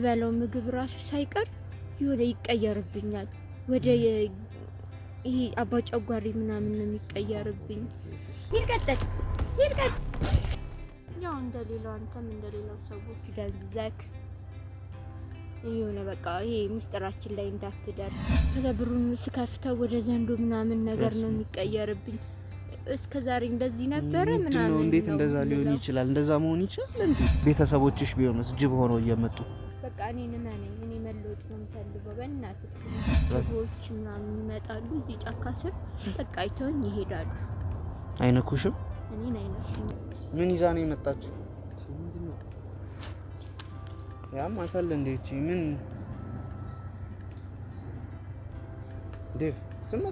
የምበላው ምግብ ራሱ ሳይቀር የሆነ ይቀየርብኛል። ወደ ይሄ አባጨጓሪ ምናምን ነው የሚቀየርብኝ። ይልቀጠል ይልቀጥ ያው እንደሌላው አንተም እንደሌላው ሰዎች ደንዝዘክ የሆነ በቃ ይሄ ምስጢራችን ላይ እንዳትደርስ። ከዛ ብሩን ስከፍተው ወደ ዘንዶ ምናምን ነገር ነው የሚቀየርብኝ። እስከ ዛሬ እንደዚህ ነበረ ምናምን። እንዴት እንደዛ ሊሆን ይችላል? እንደዛ መሆን ይችላል? ቤተሰቦችሽ ቢሆንስ ጅብ ሆነው እየመጡ በቃ እኔን እመነኝ፣ እኔ መለወጥ ነው የምፈልገው። በእናትህ ሰዎች ምናምን ይመጣሉ እዚህ ጫካ ስር በቃ አይተውኝ ይሄዳሉ። አይነኩሽም? እኔን አይነኩኝ። ምን ይዛ ነው የመጣችው? ያም አታለ እንዴት ምን ዴቭ ዝም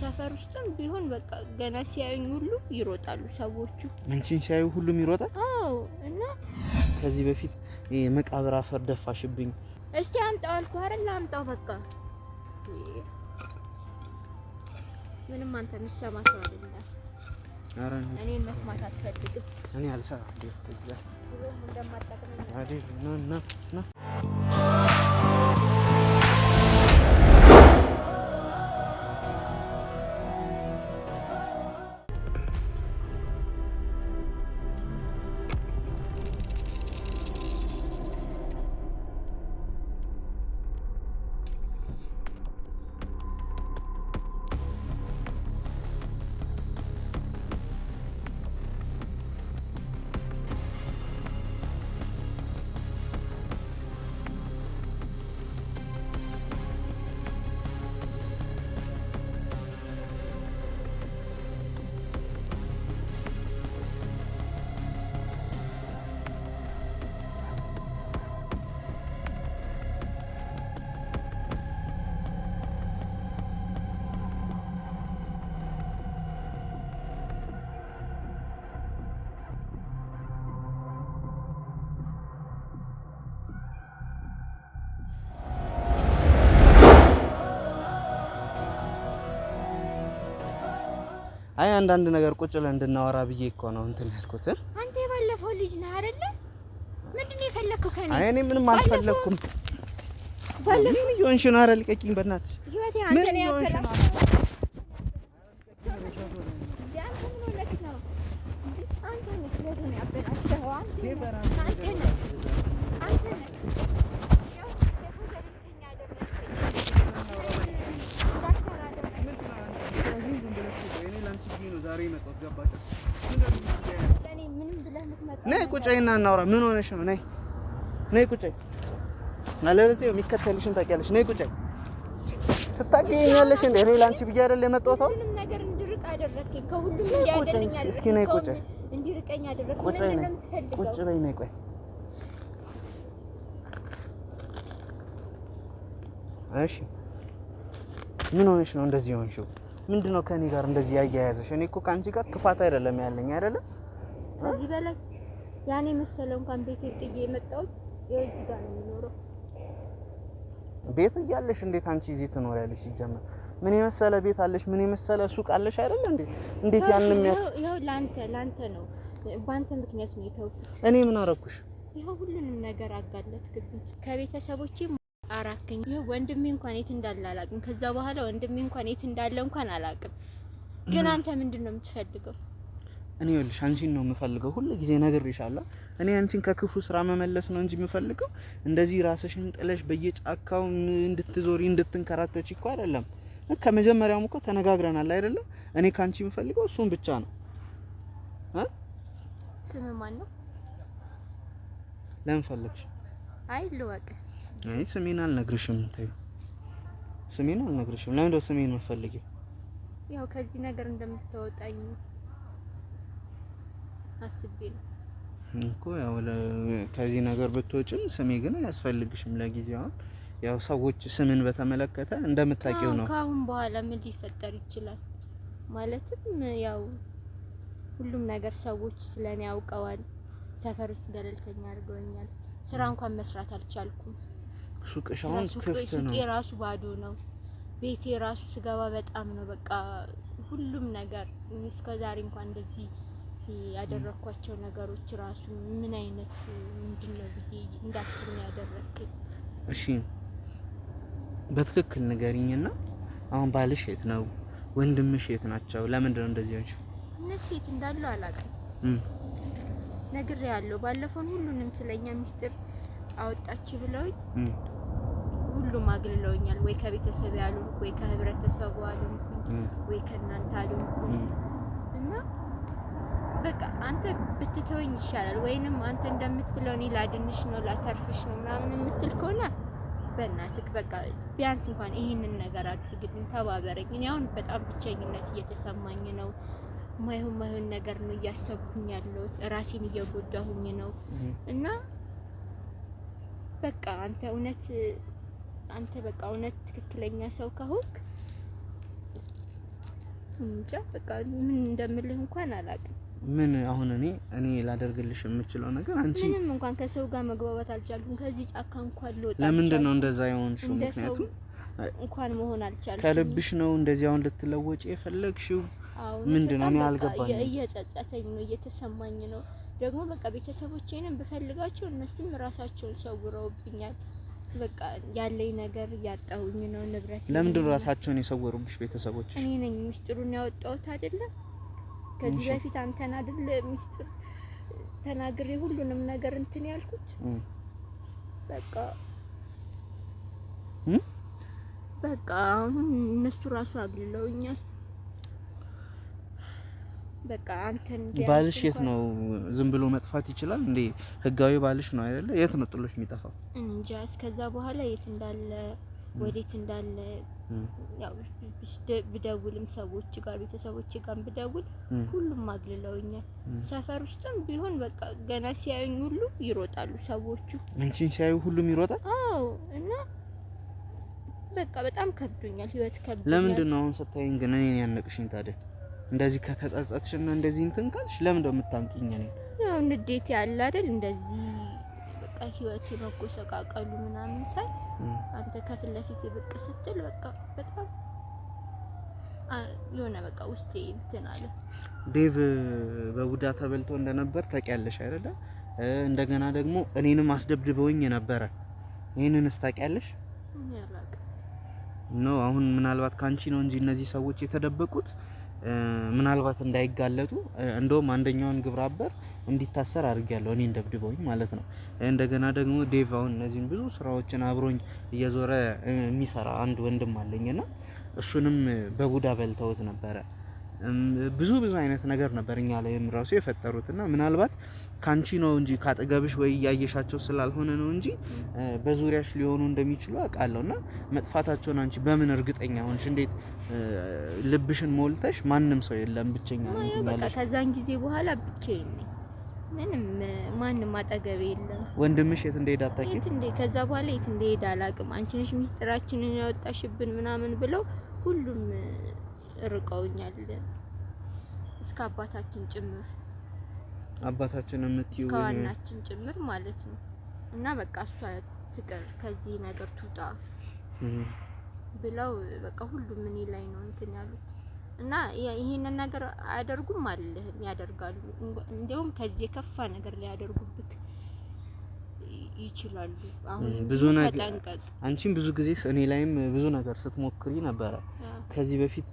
ሰፈር ውስጥም ቢሆን በቃ ገና ሲያዩኝ ሁሉ ይሮጣሉ ሰዎቹ። አንቺን ሲያዩ ሁሉም ይሮጣል። አዎ። እና ከዚህ በፊት የመቃብር አፈር ደፋሽብኝ። እስቲ አምጣው አልኩ አይደል? አምጣው በቃ ምንም አንተ የሚሰማ ሰው አይደለም። እኔን መስማት አትፈልግም። እኔ አልሰራም። አይ አንዳንድ ነገር ቁጭ ብለን እንድናወራ ብዬ እኮ ነው እንትን ያልኩት። አንተ የባለፈው ልጅ ነህ አይደለ? ምንድን ነው የፈለግከው ከኔ? አይ እኔ ምንም አልፈለግኩም። ምን እየሆንሽ ነው? ኧረ ልቀቂኝ በእናትሽ። ምን እየሆንሽ ነው? አንተ ነህ ነይ ቁጭ እና እናውራ። ምን ሆነሽ ነው? ነይ ነይ ቁጭ አለበለዚያ የሚከተልሽን ታውቂያለሽ። ነይ ቁጭ ትታገኛለሽ። እንደ እኔ ላንቺ ብዬሽ አይደል የመጣሁት? ምንም ነገር እንድርቅ ከሁሉም እስኪ ነይ ቁጭ ቁጭ በይ ቁጭ በይ ነይ ቆይ እሺ ምን ሆነሽ ነው እንደዚህ ሆንሽው? ምንድን ነው ከኔ ጋር እንደዚህ ያያያዘሽ? እኔ እኮ ከአንቺ ጋር ክፋት አይደለም ያለኝ አይደለም። ከዚህ በላይ ያኔ መሰለው እንኳን ቤት ጥዬ የመጣሁት እዚህ ጋር ነው የሚኖረው። ቤት እያለሽ እንዴት አንቺ እዚህ ትኖሪያለሽ? ሲጀመር ምን የመሰለ ቤት አለሽ? ምን የመሰለ ሱቅ አለሽ? አይደለ እንዴ? እንዴት ያንንም ያ ይሄው ላንተ ላንተ ነው በአንተ ምክንያት ነው የተውኩት። እኔ ምን አረኩሽ? ይሄው ሁሉንም ነገር አጋለጥክብኝ ከቤተሰቦቼ አራከኝ ይሄ ወንድሜ እንኳን የት እንዳለ አላውቅም። ከዛ በኋላ ወንድሜ እንኳን የት እንዳለ እንኳን አላቅም። ግን አንተ ምንድን ነው የምትፈልገው? እኔ ይኸውልሽ አንቺን ነው የምፈልገው። ሁሉ ጊዜ ነግሬሻለሁ። እኔ አንቺን ከክፉ ስራ መመለስ ነው እንጂ የምፈልገው እንደዚህ ራስሽን ጥለሽ በየጫካው እንድትዞሪ እንድትንከራተች እኮ አይደለም። ከመጀመሪያውም እኮ ተነጋግረናል አይደለም። እኔ ከአንቺ የምፈልገው እሱን ብቻ ነው። ስም ማን ነው? ለምን ፈለግሽ? አይ ልወቅ አይ ስሜን አልነግርሽም። ተይው፣ ስሜን አልነግርሽም። ለምን እንደው ስሜን የምትፈልጊው? ያው ከዚህ ነገር እንደምታወጣኝ አስቤ ነው እኮ። ያው ከዚህ ነገር ብትወጭም ስሜ ግን አያስፈልግሽም ለጊዜው። አሁን ያው ሰዎች ስምን በተመለከተ እንደምታውቂው ነው። ከአሁን በኋላ ምን ሊፈጠር ይችላል? ማለትም ያው ሁሉም ነገር ሰዎች ስለኔ ያውቀዋል። ሰፈር ውስጥ ገለልተኛ አድርገውኛል። ስራ እንኳን መስራት አልቻልኩም። ሱቅሽ አሁን ክፍት ነው። ሱቅ የራሱ ባዶ ነው። ቤቴ የራሱ ስገባ በጣም ነው በቃ ሁሉም ነገር እስከ ዛሬ እንኳን እንደዚህ ያደረኳቸው ነገሮች ራሱ ምን አይነት ምንድነው ብዬ እንዳስብ ነው ያደረክኝ። እሺ በትክክል ንገሪኝና አሁን ባልሽ የት ነው? ወንድምሽ የት ናቸው? ለምንድን ነው እንደዚህ ሆንሽ? እነሱ የት እንዳሉ አላውቅም። ነግሬ ያለው ባለፈውን ሁሉንም ስለኛ ሚስጥር አወጣች ብለውኝ ሁሉም አግልለውኛል። ወይ ከቤተሰብ ያሉ ወይ ከህብረተሰቡ አሉን፣ ወይ ከእናንተ አሉን እና በቃ አንተ ብትተወኝ ይሻላል፣ ወይንም አንተ እንደምትለው እኔ ላድንሽ ነው ላተርፍሽ ነው ምናምን የምትል ከሆነ በእናትህ በቃ ቢያንስ እንኳን ይህንን ነገር አድርግልኝ፣ ተባበረኝ። እኔ አሁን በጣም ብቸኝነት እየተሰማኝ ነው። ማይሆን ማይሆን ነገር ነው እያሰብኩኝ ያለሁት፣ ራሴን እየጎዳሁኝ ነው እና በቃ አንተ እውነት አንተ በቃ እውነት ትክክለኛ ሰው ከሆንክ እንጃ በቃ ምን እንደምልህ እንኳን አላውቅም። ምን አሁን እኔ እኔ ላደርግልሽ የምችለው ነገር አንቺ ምንም እንኳን ከሰው ጋር መግባባት አልቻልኩም፣ ከዚህ ጫካ እንኳን ልወጣ ለምንድን ነው እንደዛ የሆንሽው? ምክንያቱም እንኳን መሆን አልቻልኩም። ከልብሽ ነው እንደዚህ አሁን ልትለወጪ የፈለግሽው? ምንድን ነው እኔ አልገባኝ። እየጸጸተኝ ነው እየተሰማኝ ነው። ደግሞ በቃ ቤተሰቦቼንም ብፈልጋቸው እነሱም ራሳቸውን ሰውረውብኛል። በቃ ያለኝ ነገር እያጣሁኝ ነው። ንብረት ለምንድን ራሳቸውን የሰወሩብሽ ቤተሰቦች? እኔ ነኝ ሚስጥሩን ያወጣሁት አይደለም። ከዚህ በፊት አንተን አይደል ሚስጥር ተናግሬ ሁሉንም ነገር እንትን ያልኩት። በቃ በቃ እነሱ ራሱ አግልለውኛል። በቃ አንተን ባልሽ የት ነው? ዝም ብሎ መጥፋት ይችላል እንዴ? ህጋዊ ባልሽ ነው አይደለ? የት ነው ጥሎሽ የሚጠፋው? እንጃ እስከዛ በኋላ የት እንዳለ ወዴት እንዳለ ያው ብደውልም ሰዎች ጋር ቤተሰቦች ጋር ብደውል ሁሉም አግልለውኛል። ሰፈር ውስጥም ቢሆን በቃ ገና ሲያዩኝ ሁሉ ይሮጣሉ ሰዎቹ። አንቺን ሲያዩ ሁሉም ይሮጣል። አዎ እና በቃ በጣም ከብዶኛል፣ ህይወት ከብዶኛል። ለምንድን ነው አሁን ስታይኝ ግን እኔን ያነቅሽኝ ታዲያ? እንደዚህ ከተጸጸትሽና እንደዚህ እንትን ካልሽ ለምን ደው የምታንቂኝ ነው? ያው ንዴት ያለ አይደል እንደዚህ በቃ ህይወቴ መጎሰቃቀሉ ምናምን ሳይ አንተ ከፊት ለፊቴ ብቅ ስትል በቃ በጣም የሆነ በቃ ውስጤ እንትን አለ። ዴቭ በቡዳ ተበልቶ እንደነበር ታውቂያለሽ አይደለ? እንደገና ደግሞ እኔንም አስደብድበውኝ ነበረ። ይሄንን ታውቂያለሽ? ኖ አሁን ምናልባት ካንቺ ነው እንጂ እነዚህ ሰዎች የተደበቁት ምናልባት እንዳይጋለጡ እንደውም አንደኛውን ግብረ አበር እንዲታሰር አድርጌያለሁ እኔ ደብድበውኝ ማለት ነው። እንደገና ደግሞ ዴቭ አሁን እነዚህን ብዙ ስራዎችን አብሮኝ እየዞረ የሚሰራ አንድ ወንድም አለኝ እሱንም በቡዳ በልተውት ነበረ ብዙ ብዙ አይነት ነገር ነበር እኛ ላይ ራሱ የፈጠሩት እና ምናልባት ካንቺ ነው እንጂ ካጠገብሽ ወይ እያየሻቸው ስላልሆነ ነው እንጂ በዙሪያሽ ሊሆኑ እንደሚችሉ አውቃለሁ። እና መጥፋታቸውን አንቺ በምን እርግጠኛ ሆንሽ? እንዴት ልብሽን ሞልተሽ ማንም ሰው የለም ብቸኛ ከዛን ጊዜ በኋላ ብቻዬን ነኝ። ምንም ማንም አጠገብ የለም። ወንድምሽ የት እንደሄደ አታውቂም? የት እንደ ከዛ በኋላ የት እንደሄደ አላውቅም። አንቺ ነሽ ሚስጥራችንን ያወጣሽብን ምናምን ብለው ሁሉም ርቀውኛል እስከ አባታችን ጭምር አባታችን እስከ እስከዋናችን ጭምር ማለት ነው። እና በቃ እሷ ትቅር ከዚህ ነገር ትውጣ ብለው በቃ ሁሉም እኔ ላይ ነው እንትን ያሉት እና ይህንን ነገር አያደርጉም አልልህም፣ ያደርጋሉ። እንዲሁም ከዚህ የከፋ ነገር ሊያደርጉብህ ይችላሉ። ብዙ ነገር አንቺም ብዙ ጊዜ እኔ ላይም ብዙ ነገር ስትሞክሪ ነበረ። ከዚህ በፊት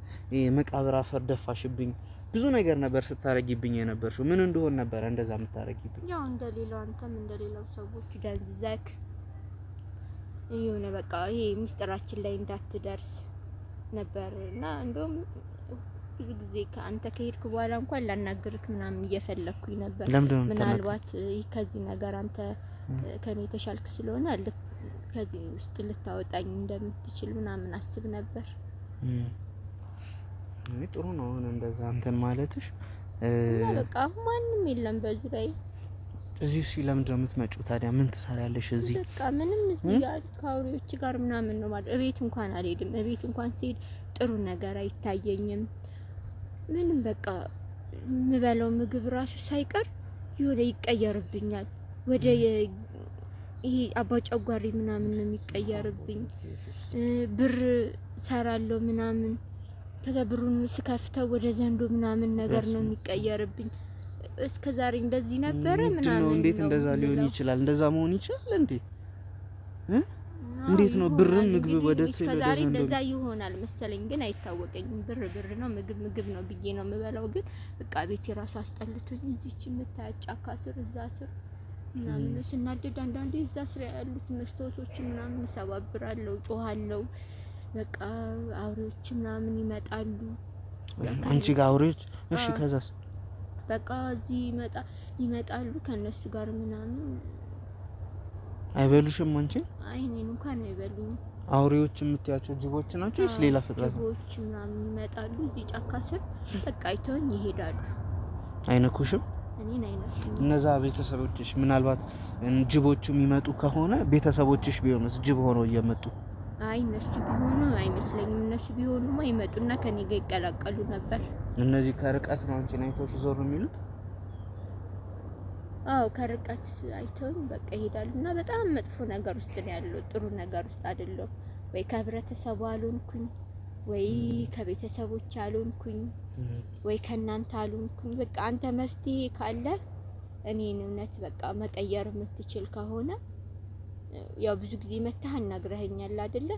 መቃብር አፈር ደፋሽብኝ ብዙ ነገር ነበር ስታረጊብኝ የነበርሽው። ምን እንደሆን ነበረ እንደዛ የምታረጊብኝ? ያው እንደሌላው አንተም እንደሌላው ሰዎች ደንዝዘክ የሆነ በቃ ይሄ ምስጢራችን ላይ እንዳትደርስ ነበር እና እንደውም ብዙ ጊዜ ከአንተ ከሄድክ በኋላ እንኳን ላናግርክ ምናምን እየፈለግኩኝ ነበር። ምናልባት ከዚህ ነገር አንተ ከኔ የተሻልክ ስለሆነ ከዚህ ውስጥ ልታወጣኝ እንደምትችል ምናምን አስብ ነበር። ጥሩ ነው እንደዛ አንተን ማለትሽ። በቃ አሁን ማንም የለም ላይ እዚህ እሺ፣ ለምንድን ነው የምትመጪው ታዲያ? ምን ትሰሪያለሽ እዚህ? በቃ ምንም እዚህ ጋር ከአውሬዎች ጋር ምናምን ነው ማለት። እቤት እንኳን አልሄድም። እቤት እንኳን ስሄድ ጥሩ ነገር አይታየኝም። ምንም በቃ የምበላው ምግብ ራሱ ሳይቀር የሆነ ይቀየርብኛል። ወደ ይሄ አባጨጓሪ ምናምን ነው የሚቀየርብኝ። ብር ሰራለው ምናምን ከዛ ብሩን ስከፍተው ወደ ዘንዶ ምናምን ነገር ነው የሚቀየርብኝ። እስከ ዛሬ እንደዚህ ነበረ ምናምን። እንዴት እንደዛ ሊሆን ይችላል? እንደዛ መሆን ይችላል እንዴ? እንዴት ነው ብርን ምግብ ወደ እስከዛሬ እንደዛ ይሆናል መሰለኝ፣ ግን አይታወቀኝም። ብር ብር ነው፣ ምግብ ምግብ ነው ብዬ ነው የምበላው። ግን በቃ ቤት የራሱ አስጠልቶኝ እዚች የምታያት ጫካ ስር እዛ ስር ምናምን ስናደድ አንዳንዴ እዛ ስር ያሉት መስታወቶች ምናምን እሰባብራለሁ፣ ጮኋለሁ። በቃ አውሬዎች ምናምን ይመጣሉ አንቺ ጋር አውሬዎች። እሺ ከዛስ? በቃ እዚህ ይመጣሉ ከነሱ ጋር ምናምን አይበሉሽም አንቺ? አይ እኔን እንኳን ነው አውሬዎች የምትያቸው ጅቦች ናቸው ወይስ ሌላ ፍጥረት ጅቦች ምናምን ይመጣሉ እዚህ ጫካ ስር በቃ አይተውኝ ይሄዳሉ። አይነኩሽም? እኔን አይነኩኝ። እነዛ ቤተሰቦችሽ ምናልባት ጅቦቹ የሚመጡ ከሆነ ቤተሰቦችሽ ቢሆኑስ ጅብ ሆነው እየመጡ አይ እነሱ ቢሆኑ አይመስለኝም። እነሱ ቢሆኑማ ይመጡና ከኔ ጋር ይቀላቀሉ ነበር። እነዚህ ከርቀት ነው አንቺን አይተውሽ ዞር የሚሉት አዎ ከርቀት አይተውኝ በቃ ይሄዳሉ እና በጣም መጥፎ ነገር ውስጥ ነው ያለው። ጥሩ ነገር ውስጥ አይደለም። ወይ ከህብረተሰቡ አልሆንኩኝ፣ ወይ ከቤተሰቦች አልሆንኩኝ፣ ወይ ከእናንተ አልሆንኩኝ። በቃ አንተ መፍትሄ ካለ እኔን እውነት በቃ መቀየር የምትችል ከሆነ ያው ብዙ ጊዜ መታህ አናግረኸኛል አይደለ?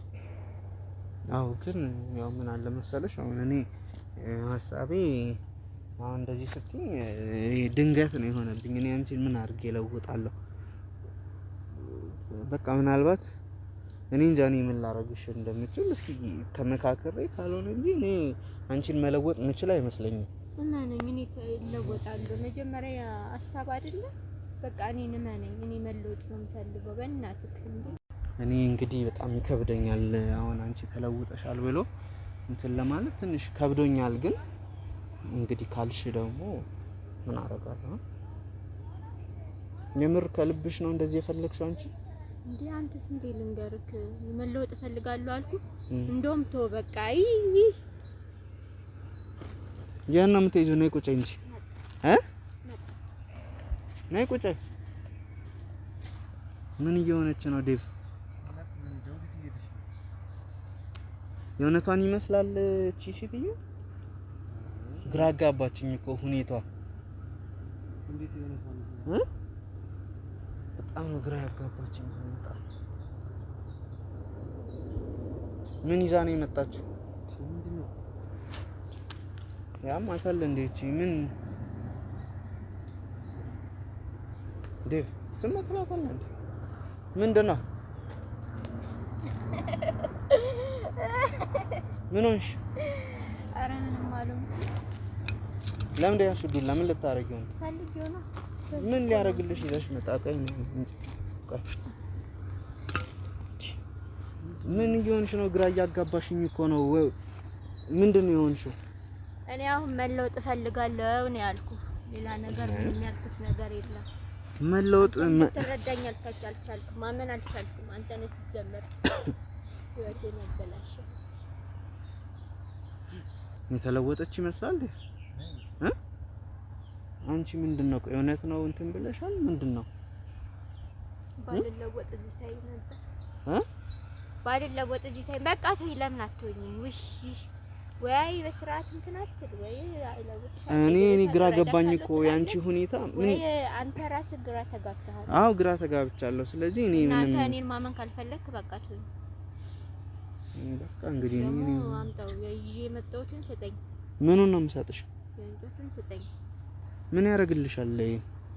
አዎ ግን ያው ምን አለ መሰለሽ አሁን እኔ ሀሳቤ አሁን እንደዚህ ስትኝ ድንገት ነው የሆነብኝ። እኔ አንቺን ምን አድርጌ ለውጣለሁ? በቃ ምናልባት እኔ እንጃ እኔ ምን ላረግሽ እንደምችል እስኪ ተመካከሬ፣ ካልሆነ እንጂ እኔ አንቺን መለወጥ ምችል አይመስለኝም። እና ነኝ እኔ እለወጣለሁ። መጀመሪያ ሀሳብ አይደለ በቃ እኔ ንመነኝ እኔ መለወጥ ነው የምፈልገው። በእናትህ እኔ እንግዲህ በጣም ይከብደኛል። አሁን አንቺ ተለውጠሻል ብሎ እንትን ለማለት ትንሽ ከብዶኛል ግን እንግዲህ ካልሽ ደግሞ ምን አደርጋለሁ? የምር ከልብሽ ነው እንደዚህ የፈለግሽው አንቺ? እንዴ አንተስ እንዴ ልንገርክ፣ መለወጥ እፈልጋለሁ አልኩ። እንደውም ተው በቃ ይህ ያን ነው የምትይዘው። ነይ ቁጭ እንጂ እ ነይ ቁጭ። ምን እየሆነች ነው ዴቭ? የእውነቷን ይመስላል እቺ ሴትዮ ግራ አጋባችኝ እኮ ሁኔታዋ። በጣም ነው ግራ ያጋባችኝ ሁኔታ። ምን ይዛ ነው የመጣችው? ያም አካል እንዴት ምን ዴቭ ስም አትላታል እንዴ? ምንድን ነው? ምን ሆንሽ? ኧረ ምንም አልሆንኩም። ለምን ዳያሽ ዱላ ምን ልታረጊው ነው? ምን ሊያረግልሽ ይዘሽ መጣቀኝ ምን እየሆንሽ ነው? ግራ እያጋባሽኝ እኮ ነው። ምንድን ነው የሆንሽው? እኔ አሁን መለወጥ እፈልጋለሁ ነው ያልኩ። ሌላ ነገር የሚያልኩት ነገር የለም። መለወጥ ትረዳኝ አልቻልኩም፣ ማመን አልቻልኩም። አንተ ነህ ስትጀምር ህይወቴን ያበላሸው። የተለወጠች ይመስላል አንቺ ምንድን ነው እውነት ነው እንትን ብለሻል? ምንድን ነው ባልለወጥ እዚህ ታይ ነበር እ ባልለወጥ እዚህ ታይ በቃ ሰው ለምን አትሆኝም? ውሽ ወይ በስርዓት እንትን አትል ወይ አይለውጥሽ። እኔ እኔ ግራ ገባኝ እኮ ያንቺ ሁኔታ ምን አንተ ራስህ ግራ ተጋብተሃል። አዎ ግራ ተጋብቻለሁ። ስለዚህ እኔ ምን አንተ እኔን ማመን ካልፈለክ በቃ ትሆኝ በቃ እንግዲህ እኔ አምጣው ይዤ የመጣሁትን ስጠኝ። ምኑን ነው የምሰጥሽ? ስጠኝ ምን ያደርግልሻል? ይሄ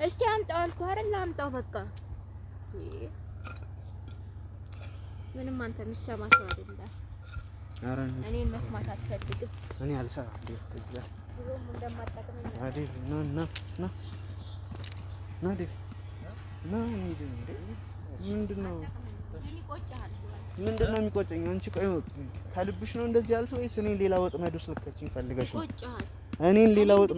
እስቲ አምጣው አልኩህ አይደል? አምጣው በቃ ምንም አንተ የሚሰማ ሰው አይደለም። ኧረ እኔን መስማት አትፈልግም። እኔ አልሰራም። ምንድን ነው የሚቆጨኝ? አንቺ ቆይ ከልብሽ ነው እንደዚህ ያልሽው ወይስ እኔ ሌላ ወጥመድ ውስጥ ልከችኝ ፈልገሽ ነው? እኔን ሌላ ወጥ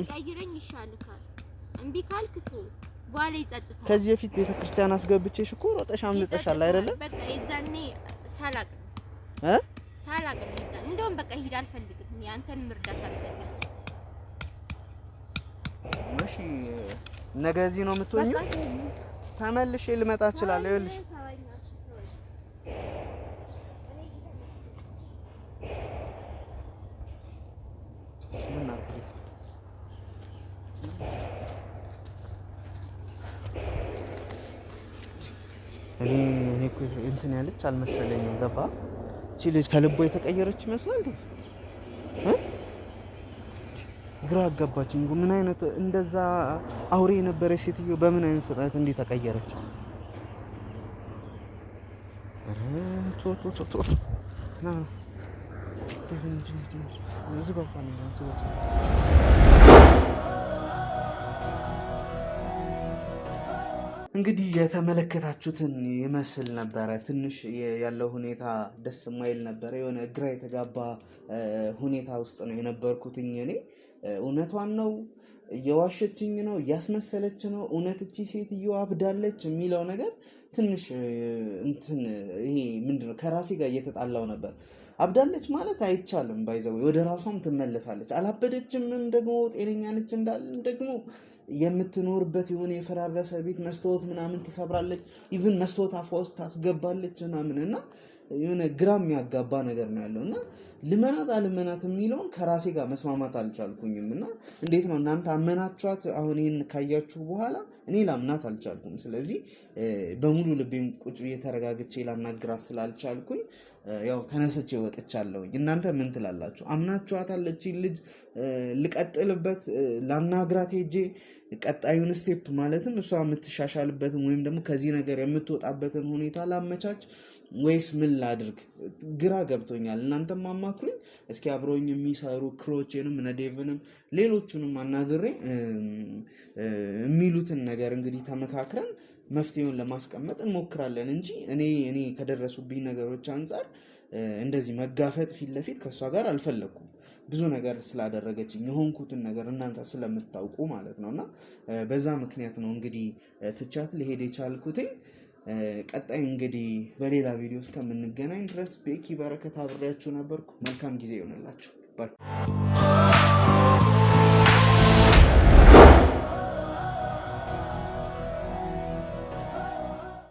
ከዚህ በፊት ቤተክርስቲያን አስገብቼሽ እኮ ሮጠሽ አምልጠሻል አይደለም? በቃ የዛኔ ሳላቅ ነው እ ሳላቅ ነው እንደውም በቃ ሂድ፣ አልፈልግም፣ ያንተን ምርዳት አልፈልግም። እሺ ነገ እዚህ ነው የምትሆኚው። ተመልሼ ልመጣ እችላለሁ። ይኸውልሽ እኔ እኔ እኮ እንትን ያለች አልመሰለኝም። ገባ እቺ ልጅ ከልቧ የተቀየረች ይመስላል። ግራ አጋባችኝ። ምን አይነት እንደዛ አውሬ የነበረች ሴትዮ በምን አይነት ፍጥነት እንዲህ ተቀየረች? ቶቶቶቶ እንግዲህ የተመለከታችሁትን ይመስል ነበረ። ትንሽ ያለው ሁኔታ ደስ የማይል ነበረ። የሆነ ግራ የተጋባ ሁኔታ ውስጥ ነው የነበርኩትኝ እኔ። እውነቷን ነው እየዋሸችኝ ነው እያስመሰለች ነው፣ እውነት እቺ ሴትዮ አብዳለች የሚለው ነገር ትንሽ እንትን ይሄ ምንድነው ከራሴ ጋር እየተጣላው ነበር። አብዳለች ማለት አይቻልም። ባይዘው ወደ ራሷም ትመለሳለች። አላበደችምም ደግሞ ጤነኛ ነች እንዳለን ደግሞ የምትኖርበት የሆነ የፈራረሰ ቤት መስታወት ምናምን ትሰብራለች። ኢቭን መስታወት አፏ ውስጥ ታስገባለች ምናምን እና የሆነ ግራ የሚያጋባ ነገር ነው ያለው እና ልመናት አልመናት የሚለውን ከራሴ ጋር መስማማት አልቻልኩኝም እና እንዴት ነው እናንተ አመናችኋት? አሁን ይህን ካያችሁ በኋላ እኔ ላምናት አልቻልኩም። ስለዚህ በሙሉ ልቤም ቁጭ የተረጋግቼ ላናግራት ስላልቻልኩኝ ያው ተነስቼ ወጥቻለሁኝ። እናንተ ምን ትላላችሁ? አምናችኋታል? እቺን ልጅ ልቀጥልበት፣ ላናግራት ሄጄ ቀጣዩን ስቴፕ ማለትም እሷ የምትሻሻልበትን ወይም ደግሞ ከዚህ ነገር የምትወጣበትን ሁኔታ ላመቻች ወይስ ምን ላድርግ ግራ ገብቶኛል። እናንተም አማክሩኝ እስኪ። አብረውኝ የሚሰሩ ክሮቼንም ነዴቭንም ሌሎቹንም አናግሬ የሚሉትን ነገር እንግዲህ ተመካክረን መፍትሄውን ለማስቀመጥ እንሞክራለን እንጂ እኔ እኔ ከደረሱብኝ ነገሮች አንጻር እንደዚህ መጋፈጥ ፊት ለፊት ከእሷ ጋር አልፈለግኩም። ብዙ ነገር ስላደረገችኝ የሆንኩትን ነገር እናንተ ስለምታውቁ ማለት ነው። እና በዛ ምክንያት ነው እንግዲህ ትቻት ልሄድ የቻልኩትኝ። ቀጣይ እንግዲህ በሌላ ቪዲዮ እስከምንገናኝ ድረስ ቤኪ በረከት አብሬያችሁ ነበርኩ። መልካም ጊዜ ይሆንላችሁ። ባይ